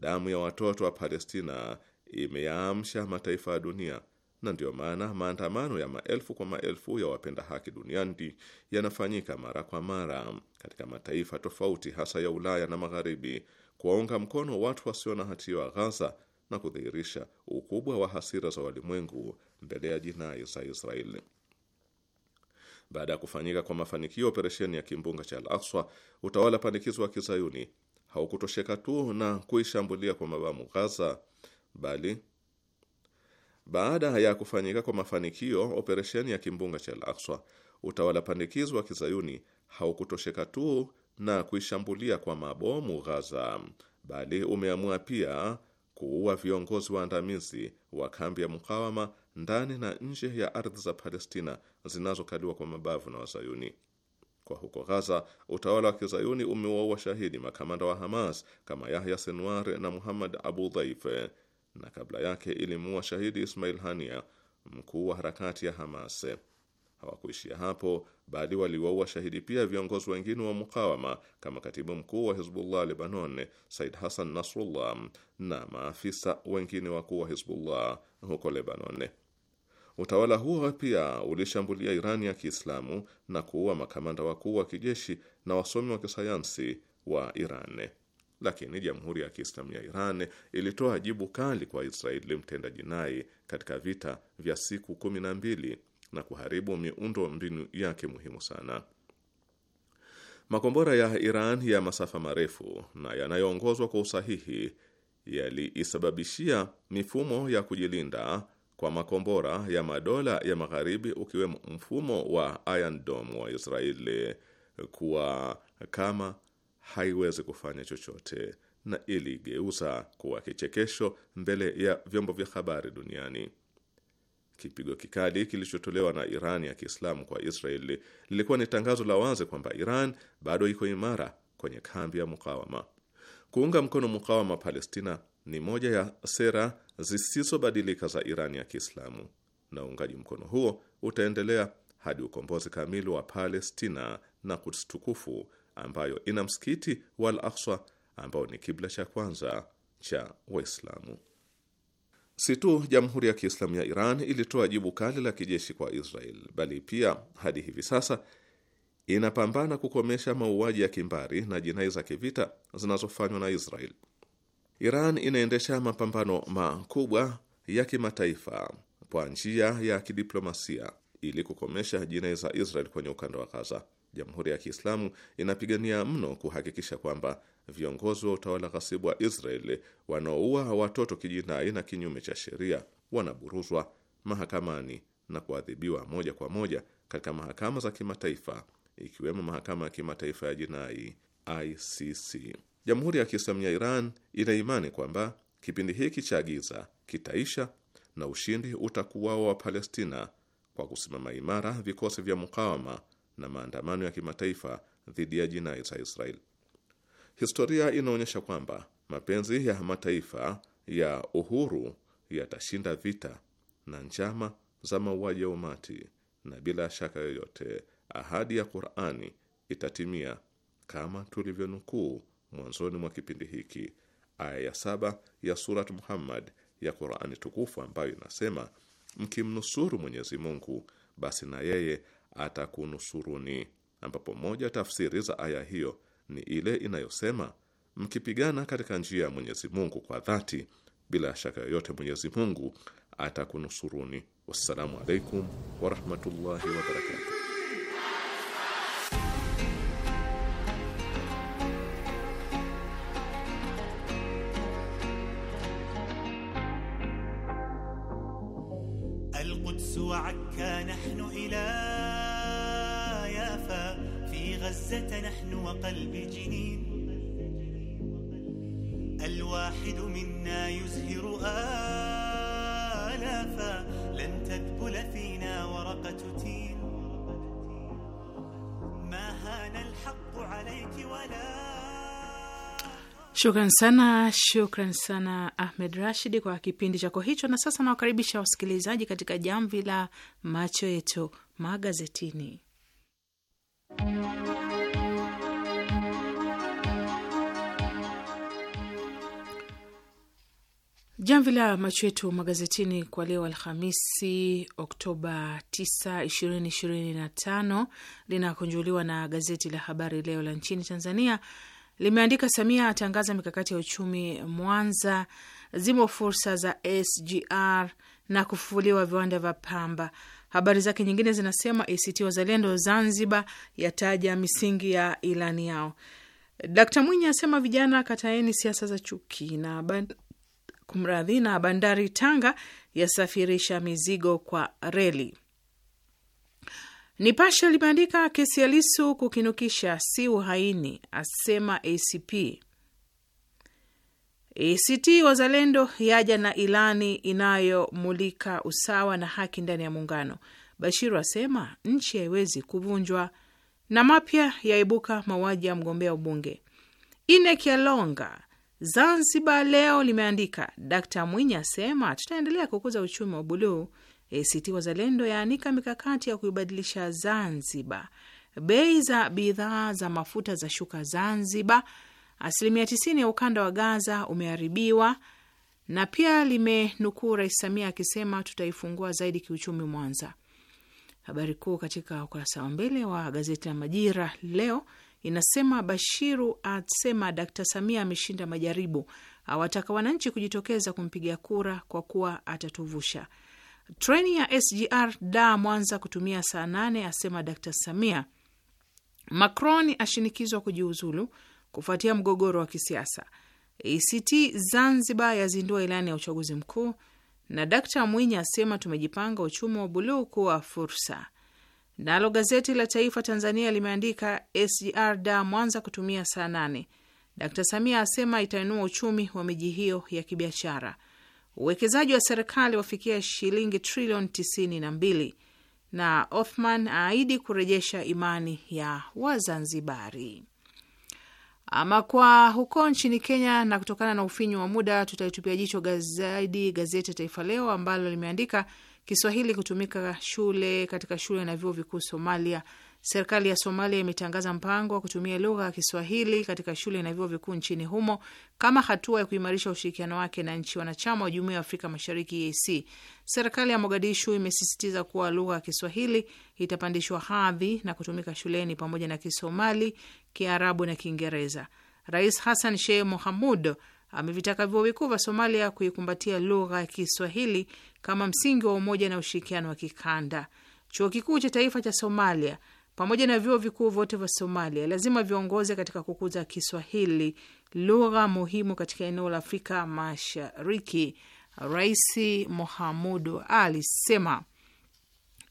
Damu ya watoto wa Palestina imeyaamsha mataifa ya dunia, na ndiyo maana maandamano ya maelfu kwa maelfu ya wapenda haki duniani yanafanyika mara kwa mara katika mataifa tofauti, hasa ya Ulaya na Magharibi, kuwaunga mkono watu wasio na hatia wa Ghaza na kudhihirisha ukubwa wa hasira za walimwengu mbele ya jinai za Israeli. Baada ya kufanyika kwa mafanikio operesheni ya kimbunga cha Al-Aqsa, utawala panikizo wa kizayuni haukutosheka tu na kuishambulia kwa mabamu Gaza, bali baada ya kufanyika kwa mafanikio operesheni ya kimbunga cha Al-Aqsa, utawala pandikizo wa kizayuni haukutosheka tu na kuishambulia kwa mabomu Gaza, bali umeamua pia kuua viongozi waandamizi wa kambi ya mukawama ndani na nje ya ardhi za Palestina zinazokaliwa kwa mabavu na Wazayuni. Kwa huko Ghaza, utawala wa kizayuni umewaua shahidi makamanda wa Hamas kama Yahya Senwar na Muhammad Abu Dhaif, na kabla yake ilimuua shahidi Ismail Hania, mkuu wa harakati ya Hamas. Hawakuishia hapo, bali waliwaua shahidi pia viongozi wengine wa mukawama kama katibu mkuu wa Hizbullah Lebanon Said Hassan Nasrullah na maafisa wengine wakuu wa Hizbullah huko Lebanon. Utawala huo pia ulishambulia Irani ya Kiislamu na kuua makamanda wakuu wa kijeshi na wasomi wa kisayansi wa Iran. Lakini Jamhuri ya Kiislamu ya Iran ilitoa jibu kali kwa Israeli mtenda jinai katika vita vya siku kumi na mbili na kuharibu miundo mbinu yake muhimu sana. Makombora ya Iran ya masafa marefu na yanayoongozwa kwa usahihi yaliisababishia mifumo ya kujilinda kwa makombora ya madola ya magharibi ukiwemo mfumo wa Iron Dome wa Israeli kuwa kama haiwezi kufanya chochote na iligeuza kuwa kichekesho mbele ya vyombo vya habari duniani. Kipigo kikali kilichotolewa na Iran ya Kiislamu kwa Israeli lilikuwa ni tangazo la wazi kwamba Iran bado iko imara kwenye kambi ya mukawama. Kuunga mkono mukawama Palestina ni moja ya sera zisizobadilika za Irani ya Kiislamu, na uungaji mkono huo utaendelea hadi ukombozi kamili wa Palestina na Quds tukufu ambayo ina msikiti wa Al-Aqsa ambao ni kibla cha kwanza cha Waislamu. Si tu Jamhuri ya Kiislamu ya Iran ilitoa jibu kali la kijeshi kwa Israel, bali pia hadi hivi sasa inapambana kukomesha mauaji ya kimbari na jinai za kivita zinazofanywa na Israel Iran inaendesha mapambano makubwa ya kimataifa kwa njia ya kidiplomasia ili kukomesha jinai za Israel kwenye ukanda wa Gaza. Jamhuri ya Kiislamu inapigania mno kuhakikisha kwamba viongozi wa utawala ghasibu wa Israel wanaoua watoto kijinai na kinyume cha sheria wanaburuzwa mahakamani na kuadhibiwa moja kwa moja katika mahakama za kimataifa ikiwemo mahakama ya kimataifa ya jinai ICC. Jamhuri ya Kiislamu ya Iran ina imani kwamba kipindi hiki cha giza kitaisha na ushindi utakuwa wa Palestina kwa kusimama imara vikosi vya mukawama na maandamano ya kimataifa dhidi ya jinai za Israel. Historia inaonyesha kwamba mapenzi ya mataifa ya uhuru yatashinda vita na njama za mauaji ya umati, na bila shaka yoyote ahadi ya Qur'ani itatimia kama tulivyonukuu mwanzoni mwa kipindi hiki aya ya saba ya Surat Muhammad ya Qurani tukufu ambayo inasema, mkimnusuru Mwenyezi Mungu basi na yeye atakunusuruni, ambapo moja tafsiri za aya hiyo ni ile inayosema mkipigana katika njia ya Mwenyezi Mungu kwa dhati, bila shaka yoyote Mwenyezi Mungu atakunusuruni. Wassalamu alaikum warahmatullahi wabarakatuh. Shukran sana, shukran sana Ahmed Rashid kwa kipindi chako hicho. Na sasa nawakaribisha wasikilizaji katika jamvi la macho yetu magazetini. Jamvi la macho yetu magazetini kwa leo Alhamisi, Oktoba 9, 2025 linakunjuliwa na gazeti la Habari Leo la nchini Tanzania limeandika Samia atangaza mikakati ya uchumi Mwanza, zimo fursa za SGR na kufufuliwa viwanda vya pamba. Habari zake nyingine zinasema ACT Wazalendo Zanzibar yataja misingi ya ilani yao. Dkt Mwinyi asema vijana kataeni siasa za chuki na band... kumradhi na bandari Tanga yasafirisha mizigo kwa reli. Nipashe limeandika kesi ya Lisu kukinukisha si uhaini, asema ACP. ACT Wazalendo yaja na ilani inayomulika usawa na haki ndani ya Muungano. Bashiru asema nchi haiwezi kuvunjwa, na mapya yaibuka mauaji ya mgombea ubunge. INEC yalonga Zanzibar. Leo limeandika Dkt Mwinyi asema tutaendelea kukuza uchumi wa buluu ACT Wazalendo yaanika mikakati ya kuibadilisha Zanzibar. Bei za bidhaa za mafuta za shuka Zanzibar. Asilimia 90 ya ukanda wa Gaza umeharibiwa. Na pia limenukuu Rais Samia akisema tutaifungua zaidi kiuchumi Mwanza. Habari kuu katika ukurasa wa mbele wa gazeti la Majira leo inasema Bashiru asema Dkt Samia ameshinda majaribu, awataka wananchi kujitokeza kumpiga kura kwa kuwa atatuvusha. Treni ya SGR da Mwanza kutumia saa nane, asema Dr Samia. Macron ashinikizwa kujiuzulu kufuatia mgogoro wa kisiasa. ACT Zanzibar yazindua ilani ya uchaguzi mkuu, na Dkt Mwinyi asema tumejipanga uchumi wa buluu kuwa fursa. Nalo gazeti la Taifa Tanzania limeandika SGR da Mwanza kutumia saa nane. Dkt Samia asema itainua uchumi wa miji hiyo ya kibiashara uwekezaji wa serikali wafikia shilingi trilioni mbili na Othman aahidi kurejesha imani ya Wazanzibari. Ama kwa huko nchini Kenya, na kutokana na ufinyu wa muda, tutaitupia jicho zaidi gazeti ya Taifa Leo ambalo limeandika Kiswahili kutumika shule katika shule na vyuo vikuu Somalia Serikali ya Somalia imetangaza mpango wa kutumia lugha ya Kiswahili katika shule na vyuo vikuu nchini humo kama hatua ya kuimarisha ushirikiano wake na nchi wanachama wa Jumuiya ya Afrika Mashariki, EAC. Serikali ya Mogadishu imesisitiza kuwa lugha ya Kiswahili itapandishwa hadhi na kutumika shuleni pamoja na Kisomali, Kiarabu na Kiingereza. Rais Hassan Sheikh Mohamud amevitaka vyuo vikuu vya Somalia kuikumbatia lugha ya Kiswahili kama msingi wa umoja na ushirikiano wa kikanda. Chuo kikuu cha taifa cha Somalia pamoja na vyuo vikuu vyote vya Somalia lazima viongoze katika kukuza Kiswahili, lugha muhimu katika eneo la Afrika Mashariki, Rais Mohamudu alisema.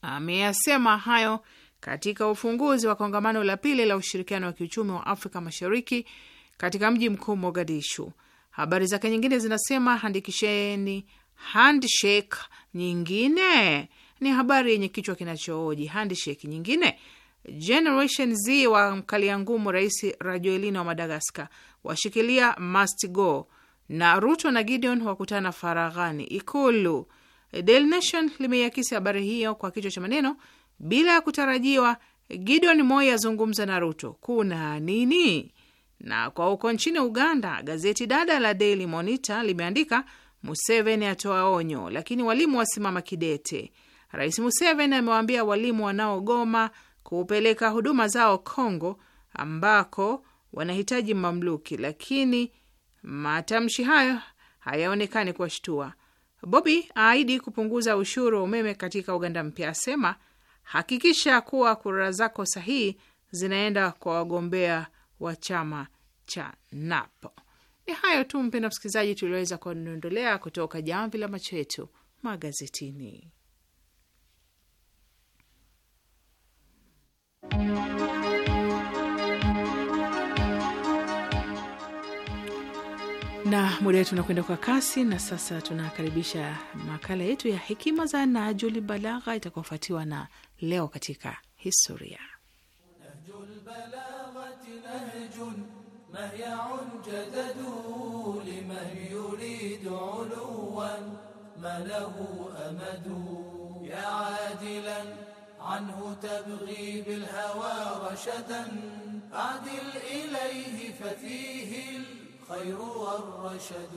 Ameyasema hayo katika ufunguzi wa kongamano la pili la ushirikiano wa kiuchumi wa Afrika Mashariki katika mji mkuu Mogadishu. Habari zake nyingine zinasema handikisheni handshake nyingine. Ni habari yenye kichwa kinachooji handshake nyingine Generation Z wa mkalia ngumu Rais Rajoelina wa Madagaskar washikilia must go, na Ruto na Gideon wakutana faraghani Ikulu. Daily Nation limeiakisi habari hiyo kwa kichwa cha maneno bila ya kutarajiwa, Gideon Moi azungumza na Ruto, kuna nini? Na kwa huko nchini Uganda, gazeti dada la Daily Monitor limeandika Museveni atoa onyo, lakini walimu wasimama kidete. Rais Museveni amewaambia walimu wanaogoma kupeleka huduma zao Kongo ambako wanahitaji mamluki, lakini matamshi hayo hayaonekani kuwashtua. Bobi aahidi kupunguza ushuru wa umeme katika Uganda mpya, asema hakikisha kuwa kura zako sahihi zinaenda kwa wagombea wa chama cha nap Ni hayo tu, mpenda msikilizaji, tulioweza kuondolea kutoka jamvi la macho yetu magazetini. na muda wetu unakwenda kwa kasi, na sasa tunakaribisha makala yetu ya hekima za Nahjul Balagha itakaofuatiwa na leo katika historia. Nahjul عنه تبغي بالهوى رشدا أعدل إليه ففيه الخير والرشد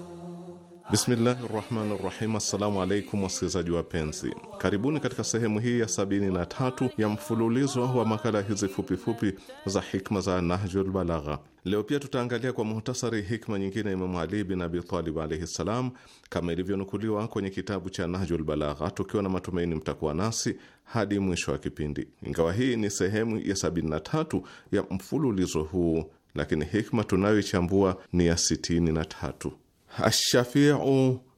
Bismillahi rahmani rahim. Assalamu alaikum wasikilizaji wapenzi, karibuni katika sehemu hii ya sabini na tatu ya mfululizo wa makala hizi fupifupi za hikma za Nahjul Balagha. Leo pia tutaangalia kwa muhtasari hikma nyingine ya Imamu Ali bin Abi Talib alaihi ssalam, kama ilivyonukuliwa kwenye kitabu cha Nahjul Balagha, tukiwa na matumaini mtakuwa nasi hadi mwisho wa kipindi. Ingawa hii ni sehemu ya sabini na tatu ya mfululizo huu, lakini hikma tunayoichambua ni ya sitini na tatu. الشفيع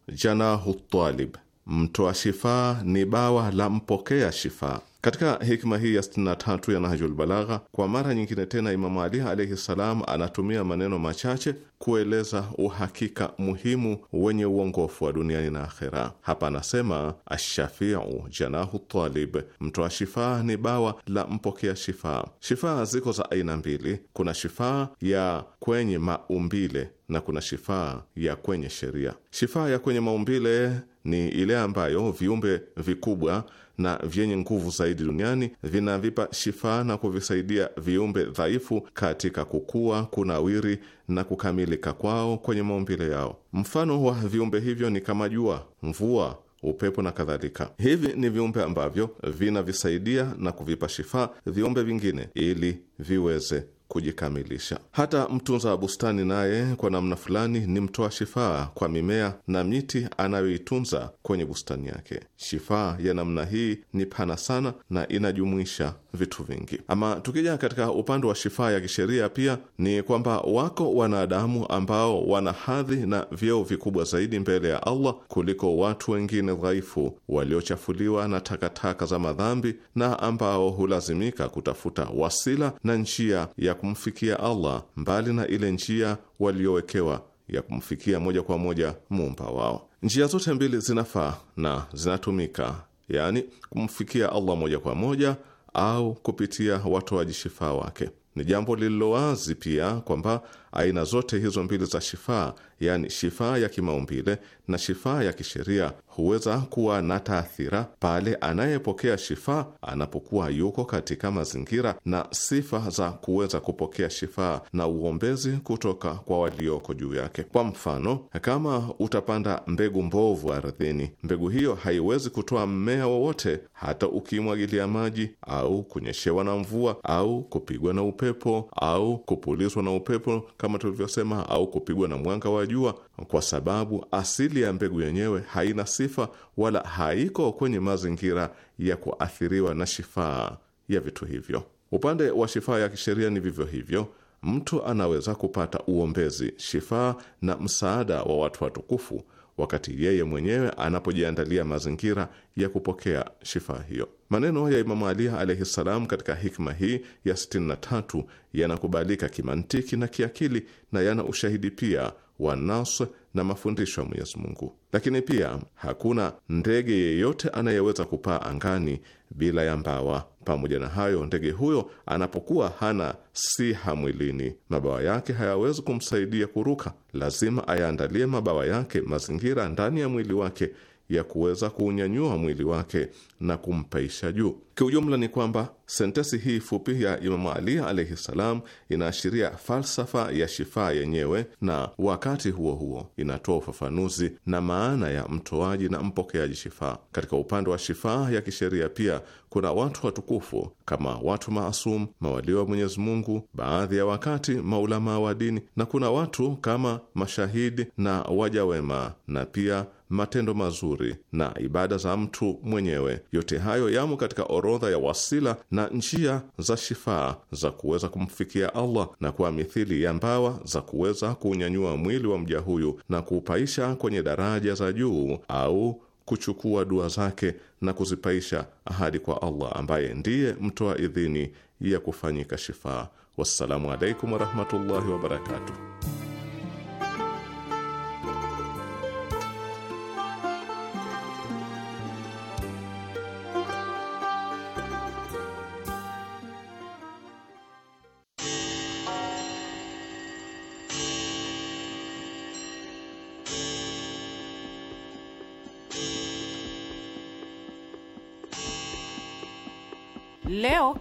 جناه الطالب mtoa shifaa ni bawa la mpokea shifaa. Katika hikma hii ya 63 ya Nahjul Balagha, kwa mara nyingine tena, Imamu Ali alaihi ssalam anatumia maneno machache kueleza uhakika muhimu wenye uongofu wa duniani na akhera. Hapa anasema ashafiu janahu talib, mtoa shifaa ni bawa la mpokea shifaa. Shifaa ziko za aina mbili, kuna shifaa ya kwenye maumbile na kuna shifaa ya kwenye sheria. Shifaa ya kwenye maumbile ni ile ambayo viumbe vikubwa na vyenye nguvu zaidi duniani vinavipa shifaa na kuvisaidia viumbe dhaifu katika kukua, kunawiri na kukamilika kwao kwenye maumbile yao. Mfano wa viumbe hivyo ni kama jua, mvua, upepo na kadhalika. Hivi ni viumbe ambavyo vinavisaidia na kuvipa shifaa viumbe vingine ili viweze kujikamilisha. Hata mtunza wa bustani naye kwa namna fulani ni mtoa shifaa kwa mimea na miti anayoitunza kwenye bustani yake. Shifaa ya namna hii ni pana sana na inajumuisha vitu vingi. Ama tukija katika upande wa shifaa ya kisheria, pia ni kwamba wako wanadamu ambao wana hadhi na vyeo vikubwa zaidi mbele ya Allah kuliko watu wengine dhaifu waliochafuliwa na takataka za madhambi na ambao hulazimika kutafuta wasila na njia ya kumfikia Allah mbali na ile njia waliowekewa ya kumfikia moja kwa moja muumba wao. Njia zote mbili zinafaa na zinatumika, yaani kumfikia Allah moja kwa moja au kupitia watoaji shifaa wake. Ni jambo lililowazi pia kwamba Aina zote hizo mbili za shifaa, yaani shifaa ya kimaumbile na shifaa ya kisheria, huweza kuwa na taathira pale anayepokea shifaa anapokuwa yuko katika mazingira na sifa za kuweza kupokea shifaa na uombezi kutoka kwa walioko juu yake. Kwa mfano, kama utapanda mbegu mbovu ardhini, mbegu hiyo haiwezi kutoa mmea wowote, hata ukimwagilia maji au kunyeshewa na mvua au kupigwa na upepo au kupulizwa na upepo kama tulivyosema, au kupigwa na mwanga wa jua, kwa sababu asili ya mbegu yenyewe haina sifa wala haiko kwenye mazingira ya kuathiriwa na shifaa ya vitu hivyo. Upande wa shifaa ya kisheria ni vivyo hivyo, mtu anaweza kupata uombezi, shifaa na msaada wa watu watukufu wakati yeye mwenyewe anapojiandalia mazingira ya kupokea shifaa hiyo. Maneno ya Imamu Ali alaihi ssalam katika hikma hii ya 63 yanakubalika kimantiki na kiakili na yana ushahidi pia wa nas na mafundisho ya Mwenyezi Mungu. Lakini pia hakuna ndege yeyote anayeweza kupaa angani bila ya mbawa. Pamoja na hayo, ndege huyo anapokuwa hana siha mwilini, mabawa yake hayawezi kumsaidia kuruka. Lazima ayaandalie mabawa yake mazingira ndani ya mwili wake ya kuweza kuunyanyua mwili wake na kumpaisha juu. Kiujumla ni kwamba sentesi hii fupi ya Imamu Ali alaihi ssalam inaashiria falsafa ya shifaa yenyewe, na wakati huo huo inatoa ufafanuzi na maana ya mtoaji na mpokeaji shifaa. Katika upande wa shifaa ya kisheria, pia kuna watu watukufu kama watu maasum, mawalio wa Mwenyezi Mungu, baadhi ya wakati maulamaa wa dini, na kuna watu kama mashahidi na waja wema, na pia matendo mazuri na ibada za mtu mwenyewe, yote hayo yamo katika orodha ya wasila na njia za shifaa za kuweza kumfikia Allah, na kwa mithili ya mbawa za kuweza kuunyanyua mwili wa mja huyu na kuupaisha kwenye daraja za juu au kuchukua dua zake na kuzipaisha ahadi kwa Allah ambaye ndiye mtoa idhini ya kufanyika shifaa. Wassalamu alaikum warahmatullahi wabarakatuh.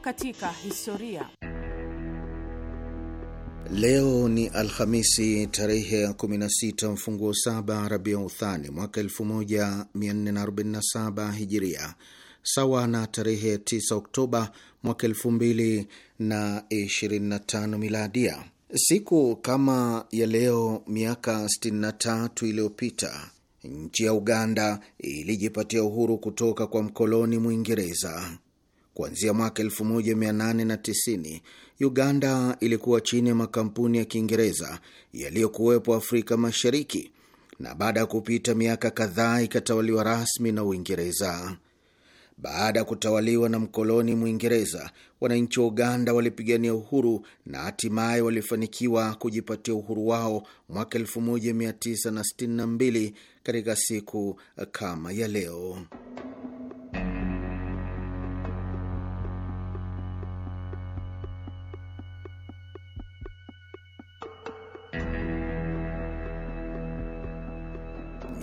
katika historia. Leo ni Alhamisi tarehe ya 16 mfunguo saba Rabia Uthani mwaka 1447 Hijiria, sawa na tarehe 9 Oktoba mwaka 2025 Miladia. Siku kama ya leo miaka 63 iliyopita nchi ya Uganda ilijipatia uhuru kutoka kwa mkoloni Mwingereza. Kuanzia mwaka 1890 Uganda ilikuwa chini ya makampuni ya Kiingereza yaliyokuwepo Afrika Mashariki, na baada ya kupita miaka kadhaa ikatawaliwa rasmi na Uingereza. Baada ya kutawaliwa na mkoloni Mwingereza, wananchi wa Uganda walipigania uhuru na hatimaye walifanikiwa kujipatia uhuru wao mwaka 1962 katika siku kama ya leo.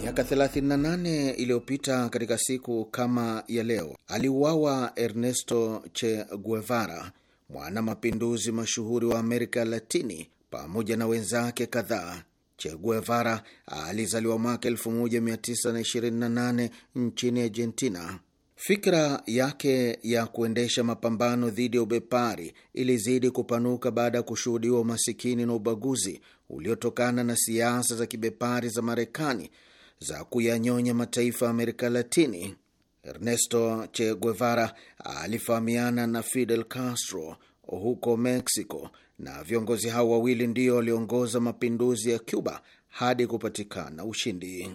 Miaka 38 iliyopita katika siku kama ya leo aliuawa Ernesto Che Guevara, mwana mapinduzi mashuhuri wa Amerika Latini, pamoja na wenzake kadhaa. Che Guevara alizaliwa mwaka 1928 nchini Argentina. Fikra yake ya kuendesha mapambano dhidi ya ubepari ilizidi kupanuka baada ya kushuhudiwa umasikini na ubaguzi uliotokana na siasa za kibepari za Marekani za kuyanyonya mataifa ya Amerika Latini. Ernesto Che Guevara alifahamiana na Fidel Castro huko Mexico, na viongozi hao wawili ndio waliongoza mapinduzi ya Cuba hadi kupatikana ushindi.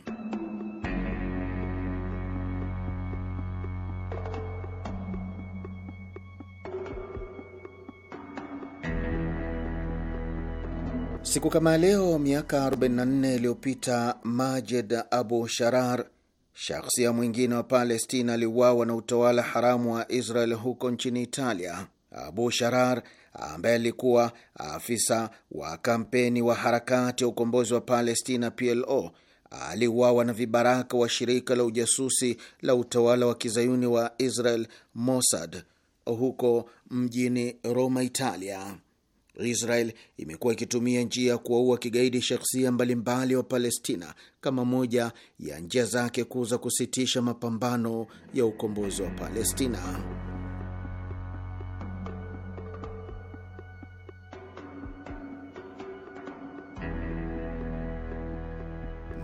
Siku kama leo miaka 44 iliyopita Majed Abu Sharar, shakhsia mwingine wa Palestina, aliuawa na utawala haramu wa Israel huko nchini Italia. Abu Sharar ambaye alikuwa afisa wa kampeni wa harakati ya ukombozi wa Palestina PLO aliuawa na vibaraka wa shirika la ujasusi la utawala wa kizayuni wa Israel Mossad huko mjini Roma, Italia. Israel imekuwa ikitumia njia ya kuwaua kigaidi shakhsia mbalimbali wa Palestina kama moja ya njia zake kuu za kusitisha mapambano ya ukombozi wa Palestina.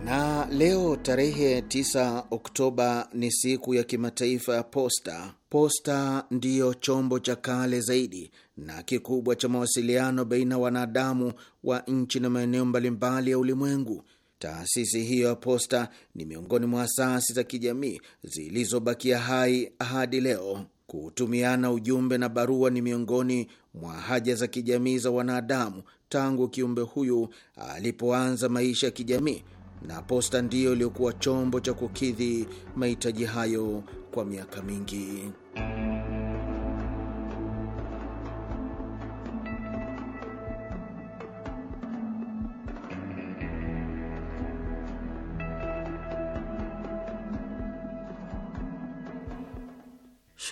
Na leo tarehe 9 Oktoba ni siku ya kimataifa ya posta. Posta ndiyo chombo cha kale zaidi na kikubwa cha mawasiliano baina wanadamu wa nchi na maeneo mbalimbali ya ulimwengu. Taasisi hiyo ya posta ni miongoni mwa asasi za kijamii zilizobakia hai hadi leo. Kutumiana ujumbe na barua ni miongoni mwa haja za kijamii za wanadamu tangu kiumbe huyu alipoanza maisha ya kijamii na posta ndiyo iliyokuwa chombo cha kukidhi mahitaji hayo kwa miaka mingi.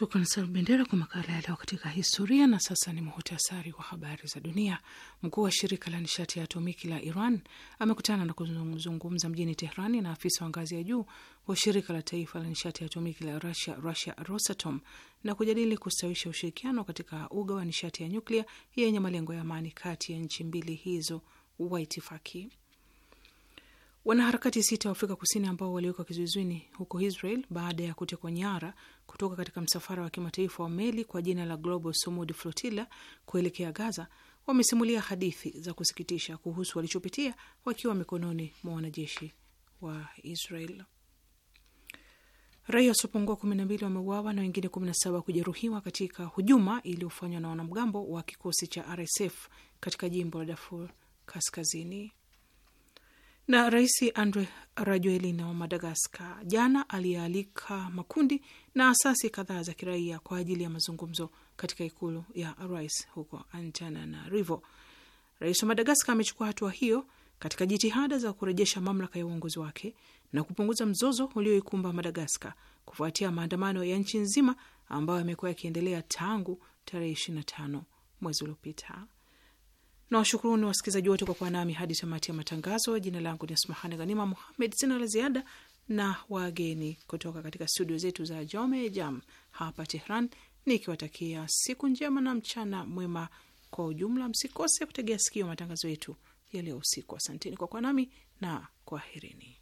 Shukran sana Bendera kwa makala ya leo katika historia. Na sasa ni muhutasari wa habari za dunia. Mkuu wa shirika la nishati ya atomiki la Iran amekutana na kuzungumza mjini Tehrani na afisa wa ngazi ya juu wa shirika la taifa la nishati ya atomiki la Rusia, Rusia Rosatom, na kujadili kustawisha ushirikiano katika uga wa nishati ya nyuklia yenye malengo ya amani kati ya nchi mbili hizo waitifaki Wanaharakati sita wa Afrika Kusini ambao waliwekwa kizuizini huko Israel baada ya kutekwa nyara kutoka katika msafara wa kimataifa wa meli kwa jina la Global Sumud Flotilla kuelekea Gaza wamesimulia hadithi za kusikitisha kuhusu walichopitia wakiwa mikononi mwa wanajeshi wa Israel. Raia wasiopungua 12 wameuawa na wengine 17 kujeruhiwa katika hujuma iliyofanywa na wanamgambo wa kikosi cha RSF katika jimbo la Darfur Kaskazini. Na Rais Andre Rajoelina wa Madagaskar jana aliyealika makundi na asasi kadhaa za kiraia kwa ajili ya mazungumzo katika ikulu ya rais huko Antananarivo. Rais wa Madagaskar amechukua hatua hiyo katika jitihada za kurejesha mamlaka ya uongozi wake na kupunguza mzozo ulioikumba Madagaskar kufuatia maandamano ya nchi nzima ambayo yamekuwa yakiendelea tangu tarehe 25 mwezi uliopita. Na washukuruni wasikilizaji wote kwa kuwa nami hadi tamati ya matangazo. Jina langu ni Asmahani Ghanima Muhamed. Sina la ziada na wageni kutoka katika studio zetu za Jome Jam hapa Tehran, nikiwatakia siku njema na mchana mwema kwa ujumla. Msikose kutegea sikio matangazo yetu ya leo usiku. Asanteni kwa kuwa nami na kwaherini.